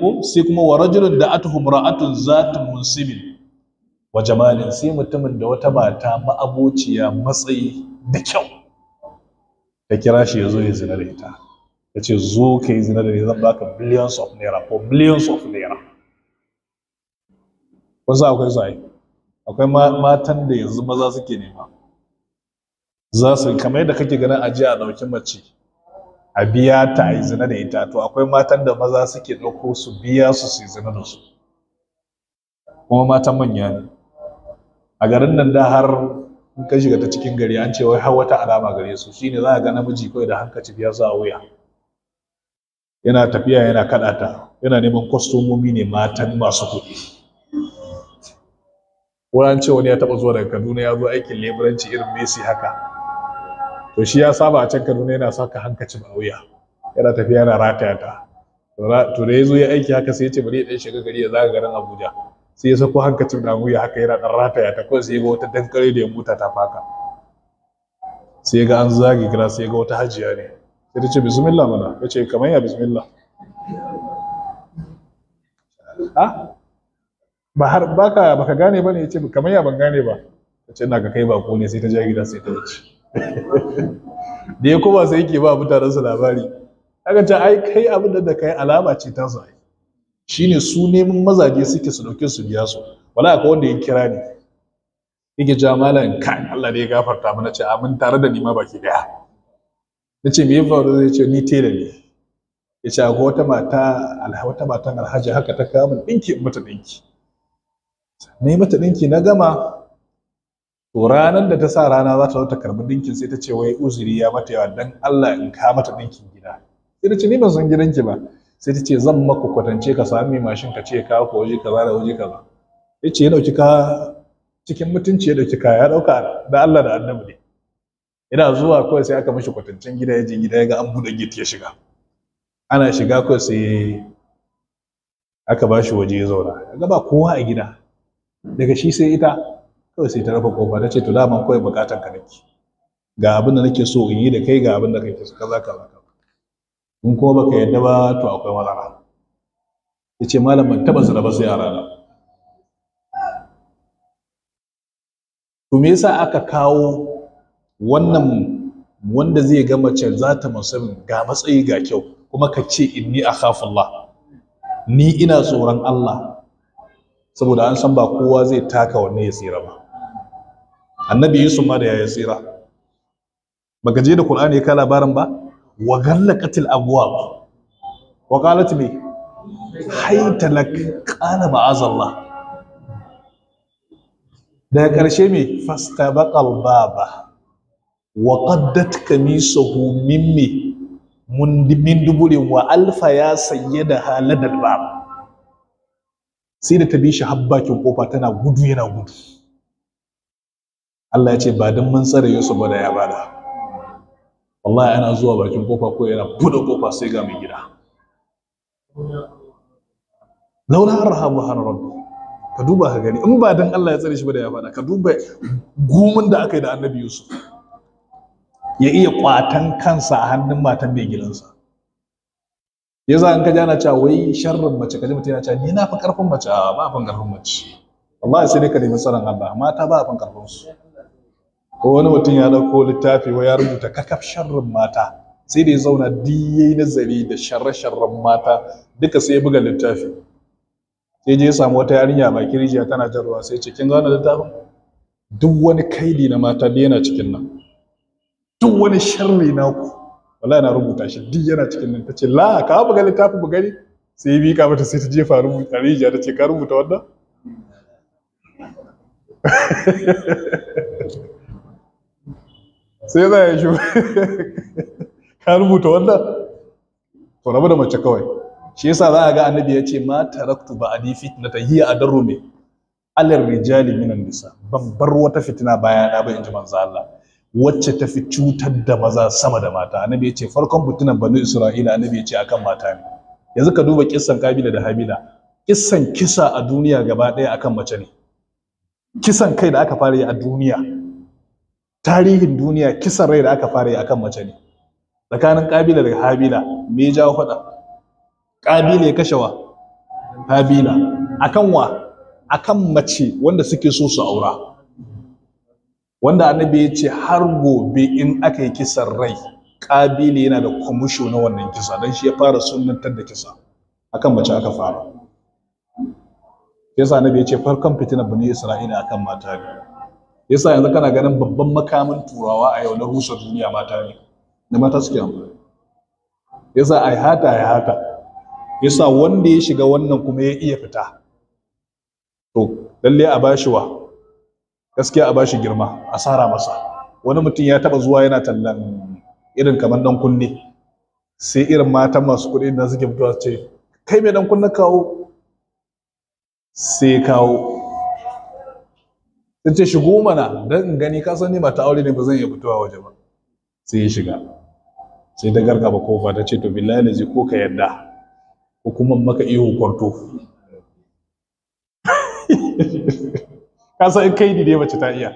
ko sai kuma wa rajulun da atuhu mura'atun zatun munsimin wa jamalin sai mutumin da wata mata ma'abociya matsayi da kyau ta kira shi ya zo ya zina da ita ya ce zo ka yi zina da ni zan baka billions of naira ko billions of naira wasu akwai zai akwai matan da yanzu maza suke nema za su kamar yadda kake ganin ajiya a ɗauki mace a biya ta a yi zina da ita to akwai matan da maza suke ɗauko su biya su su yi zina da su kuma matan manya ne a garin nan da har in ka shiga ta cikin gari an ce wai har wata alama gare su shine za a ga namiji kawai da hankaci za a wuya yana tafiya yana kaɗata yana neman kwastomomi ne matan masu kuɗi an ce wani ya taɓa zuwa daga kaduna ya zo aikin leburanci irin messi haka to shi ya saba a can Kaduna yana saka hankacin a wuya yana tafiya yana rataya ta to da ya zo ya aiki haka sai ya ce bari ya dan shiga gari ya zaga garin Abuja sai ya sako hankacin da wuya haka yana dan rataya ta kawai sai ya ga wata dankare da ya muta ta faka sai ya ga an zage gira sai ya ga wata hajiya ne sai ta ce bismillah mana ya ce kamar ya bismillah ah? ba har baka baka gane bane ya ce kamar ya ban gane ba ta ce ina ga kai ba ko ne sai ta ja gida sai ta wuce da ya koma sai yake ba mutanensa labari haka ta ai kai abin da ka yi alama ce ta Shi ne su neman mazaje suke su su biya su wala akwai wanda ya kira ni yake ja malam kan Allah ne ya gafarta mana ce amin tare da ni baki daya nace me ya faru zai ce ni tela ne ya ce wata mata wata matan alhaji haka ta kawo min dinki mata dinki na yi mata dinki na gama to ranar da ta sa rana za ta zo ta karbi dinkin sai ta ce wai uzuri ya mata yawa dan Allah in ka mata dinkin gida sai ta ce ni ban san gidanki ba sai ta ce zan maka kwatance ka sami mashin ka ce ka ko waje kaza da waje kaza ya ce ya dauki ka cikin mutunci ya dauki ka ya dauka da Allah da annabi ne ina zuwa kawai sai aka mishi kwatancen gida ya je gida ya ga an buɗe gate ya shiga ana shiga kawai sai aka ba shi waje ya zauna ga ba kowa a gida daga shi sai ita kawai sai ta rufe kofa ta ce to dama kawai bukatan ka nake ga abin da nake so in yi da kai ga abin da kake so kaza kaza in kuma baka yadda ba to akwai matsala ya ce malam ban taba zina ba sai a rana to me yasa aka kawo wannan wanda zai ga mace za ta musamman ga matsayi ga kyau kuma ka ce inni la? ni ina tsoron Allah saboda an san ba kowa zai taka wanne ya tsira ba annabi yusuf ma da yaya tsira baka je da qur'ani ka labarin ba wa ghallaqatil abwab wa qalat me haita lak qala ma'azallah daga karshe me fastabaqal baba wa qaddat kamisuhu mimmi min duburin wa alfa ya da haladal ba. sai da ta bi shi habbakin kofa tana gudu yana gudu Allah ya ce ba don mun tsare Yusuf ba da ya bada wallahi ana zuwa bakin kofa ko yana buɗe kofa sai ga mai gida laula an rahabu har rabbi ka duba ka gani in ba dan Allah ya tsare shi ba da ya bada. ka duba gumin da aka yi da annabi Yusuf ya iya kwatan kansa a hannun matan mai gidansa ya za in ka jana cewa wai sharrin mace ka ji mutum yana cewa ni na fi karfin mace ba a fin karfin mace wallahi sai ne ka nemi tsaron Allah mata ba a fin karfin su ko wani mutum ya ɗauko littafi wa ya rubuta kakaf sharrin mata sai da ya zauna yayi nazari da sharra sharran mata duka sai ya buga littafi sai je ya samu wata yarinya ba kirjiya tana ruwa, sai ce kin gane littafin duk wani kaidi na mata da yana cikin nan duk wani sharri na ku wallahi na rubuta shi duk yana cikin nan tace la ka buga littafin bu gani sai ya bika mata sai ta jefa rubuta rijiya tace ka rubuta wannan sai za ya shi ka rubuta wannan to rabu da mace kawai shi yasa za a ga annabi ya ce ma taraktu ba adi ta hiya adarru me alar rijali minan nisa ban bar wata fitina baya na ba inji manzo Allah wacce ta fi cutar da maza sama da mata annabi ya ce farkon fitinan banu isra'ila annabi ya ce akan mata ne yanzu ka duba kissan kabila da habila kissan kisa a duniya gaba ɗaya akan mace ne kisan kai da aka fara yi a duniya tarihin duniya kisan rai da aka fara yi akan mace ne tsakanin kabila da habila me jawo faɗa kabila ya kashe wa habila akan wa akan mace wanda suke so su aura wanda annabi ya ce har gobe in aka yi kisan rai kabila yana da kwamisho na wannan kisa don shi ya fara sunantar da kisa akan mace aka fara yasa annabi ya ce farkon fitina bani isra'ila akan mata ne yasa yanzu kana ganin babban makamin turawa a yau na rushe duniya mata ne da mata suke amfani yasa ai hata ai hata yasa wanda ya shiga wannan kuma ya iya fita to lalle a bashi wa gaskiya a bashi girma a sara masa wani mutum ya taba zuwa yana tallan irin kamar dan kunne sai irin mata masu kuɗi na suke fitowa ce kai mai dan kunne kawo sai kawo sai ce shigo mana don in gani ka sani ba ta aure ne ba zan iya fitowa waje ba sai ya shiga sai ta gargaba kofa ta ce to billahi lazi ko ka yadda ko kuma maka iyo kwarto ka san in kai ni ne mace ta iya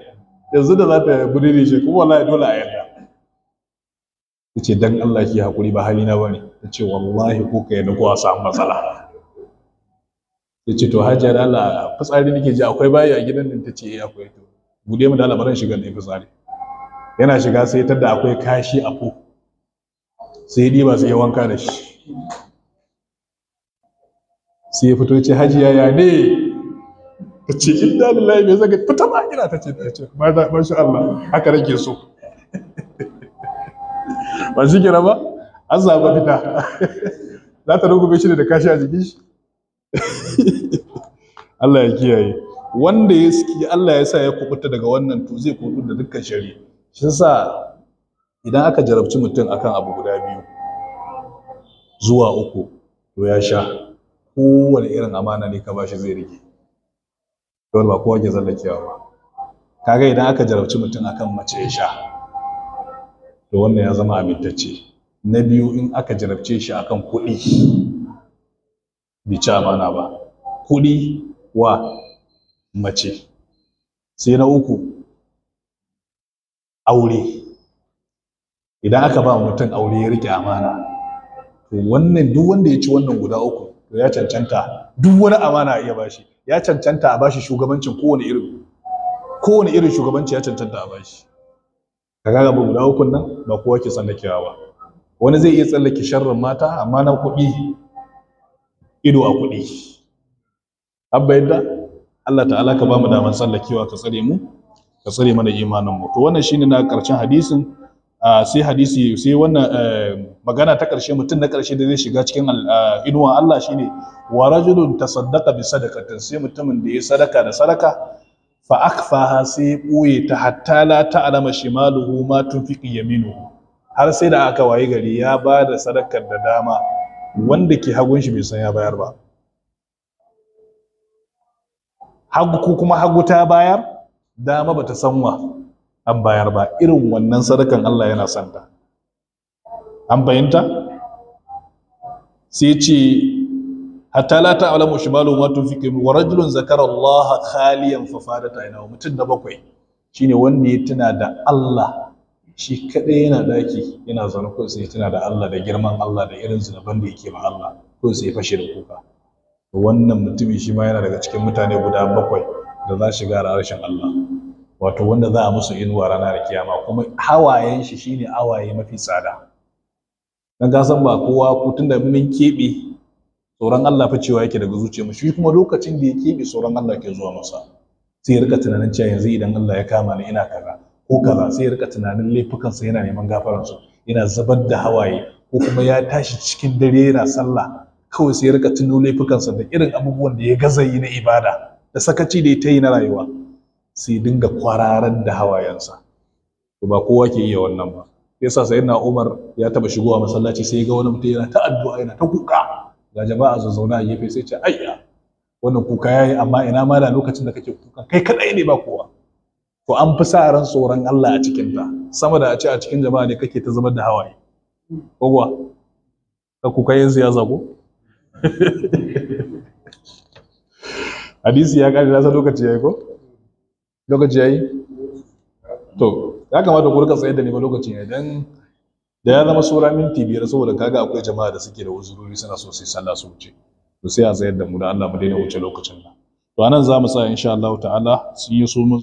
yanzu da za ta gudu ne shi kuma wallahi dole a yadda ta ce dan Allah ki hakuri ba halina bane ta ce wallahi ko ka yadda ko a samu matsala sai ce to hajiya da Allah fitsari nake ji akwai bayi a gidan nan tace eh akwai to bude mu da Allah baran shiga ne fitsari yana shiga sai tadda akwai kashi a ko sai ya diba sai ya wanka da shi sai ya fito ce hajiya ya ne ta ce inda lillahi me zaka fita ma ina ta ce ta ce masha Allah haka nake so ba shi kira ba an zaɓa fita za ta rungume shi da kashi a jikin shi Allah ya kiyaye wanda ya ski Allah ya sa ya kubuta daga wannan to zai kubuta da dukkan shari shi yasa idan aka jarabci mutum akan abu guda biyu zuwa uku to ya sha kowane irin amana ne ka bashi zai rike dole ba kowa ke zallakewa ba kaga idan aka jarabci mutum akan mace ya sha to wannan ya zama amintacce na biyu in aka jarabce shi akan kuɗi bica mana ba kuɗi wa mace sai na uku aure idan aka ba mutum aure ya rike amana to wannan duk wanda ya ci wannan guda uku to ya cancanta duk wani amana a iya bashi ya cancanta a bashi shugabancin kowane irin kowane irin shugabanci ya cancanta a bashi ka ga ba guda uku nan ba kowa ke tsallakewa ba wani zai iya tsallake sharrin mata amma na kuɗi ido a kuɗi abba yadda Allah ta'ala ka bamu daman tsallakewa ka tsare mu ka tsare mana imanin mu to wannan shine na karshen hadisin sai hadisi sai wannan eh, magana ta karshe mutum na karshe da zai shiga cikin inuwa Allah shine wa rajulun tasaddaqa bi sadaqatin sai mutumin da ya sadaka da sadaka fa akfaha sai ɓoye ta hatta la alama shimaluhu ma tunfiqi yaminu har sai da aka wayi gari ya ba da sadakar da dama wanda ke hagun shi bai san ya bayar ba hagu ko kuma hagu ta bayar dama bata san wa an bayar ba irin wannan sadakan Allah yana santa an fahimta sai ce hatta la ta'lamu shimalu ma tunfiqu wa rajulun zakara Allah khaliyan fa fadata ina mutum da bakwai shine wanda ya tuna da Allah shi kaɗai yana daki, yana zaune ko sai tana da Allah da girman Allah da irin zunuban da yake ma Allah ko sai fashe da kuka wannan mutumin shi ma yana daga cikin mutane guda bakwai da za shiga rashin Allah wato wanda za a musu inuwa ranar kiyama kuma hawayen shi shine awaye mafi tsada dan ga san ba kowa ku tunda mun keɓe tsoron Allah fa cewa yake daga zuciyar mu shi kuma lokacin da ya keɓe tsoron Allah ke zuwa masa sai ya rika tunanin cewa yanzu idan Allah ya kama ni ina kaza ko kaza sai ya rika tunanin laifukansa yana neman gafaransu yana zubar da hawaye ko kuma ya tashi cikin dare yana sallah kawai sai ya rika tuno laifukansa da irin abubuwan da ya gaza yi na ibada da sakaci da ta yi na rayuwa sai dinga kwararar da hawayensa to ba kowa ke iya wannan ba yasa na Umar ya taba shigowa masallaci sai ya ga wani mutum yana ta addu'a yana ta kuka ga jama'a zauna a gefe sai ce ayya wannan kuka yayi amma ina ma da lokacin da kake kuka kai kadai ne ba kowa to an fi sa ran tsoron Allah a cikinta sama da a ce a cikin jama'a ne kake ta zama da hawaye kogwa ka kuka yin siyasa ko hadisi ya kare nasa lokaci yayi ko lokaci yayi to ya kamata ku rika tsaye da ba lokacin yayi dan da ya zama sura minti biyar saboda kaga akwai jama'a da suke da uzurori suna so sai sallah su wuce to sai a tsayar da mu da Allah mu daina wuce lokacin nan to anan za mu sa insha Allah ta'ala sun yi so